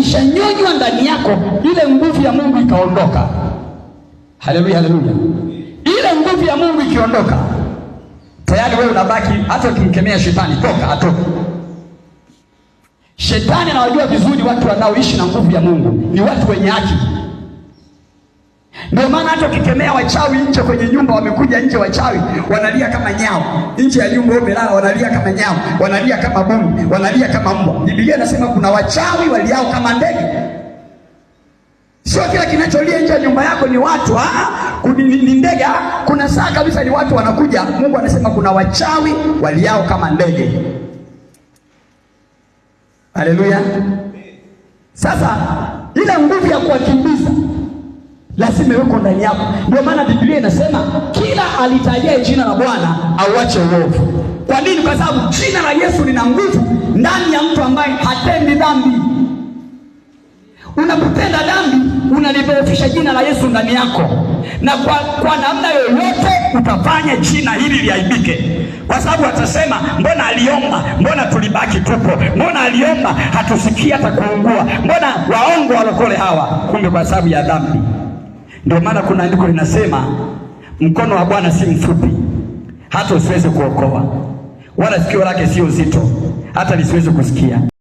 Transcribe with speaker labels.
Speaker 1: ikishanyonywa ndani yako, ile nguvu ya Mungu ikaondoka. Haleluya, haleluya! Ile nguvu ya Mungu ikiondoka, tayari wewe unabaki, hata ukimkemea shetani, toka atoke. Shetani anawajua vizuri watu wanaoishi na nguvu ya Mungu, ni watu wenye haki ndio maana hata ukikemea wachawi nje kwenye nyumba, wamekuja nje wachawi, wanalia kama nyao nje ya nyumba umelala, wanalia kama nyao, wanalia kama bumu, wanalia kama mbwa. Biblia inasema kuna wachawi waliao kama ndege. Sio kila kinacholia nje ya nyumba yako ni watu ah, ni ndege. Ah. Kuna saa kabisa ni watu wanakuja. Mungu anasema kuna wachawi waliao kama ndege. Haleluya! Sasa ile nguvu ya kuwakimbia lazima iweko ndani yako. Ndio maana Biblia inasema kila alitajaye jina la Bwana auache uovu. Kwa nini? Kwa sababu jina la Yesu lina nguvu ndani ya mtu ambaye hatendi dhambi. Unapotenda dhambi unalidhoofisha jina la Yesu ndani yako, na kwa, kwa namna yoyote utafanya jina hili liaibike, kwa sababu atasema mbona aliomba, mbona tulibaki tupo, mbona aliomba hatusikia hata kuungua, mbona waongo walokole hawa. Kumbe kwa sababu ya dhambi. Ndio maana kuna andiko linasema mkono wa Bwana si mfupi hata usiweze kuokoa, wala sikio lake sio zito hata lisiweze kusikia.